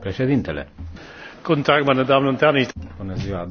Președintele. Guten Tag, meine Damen und Herren. Bună ziua,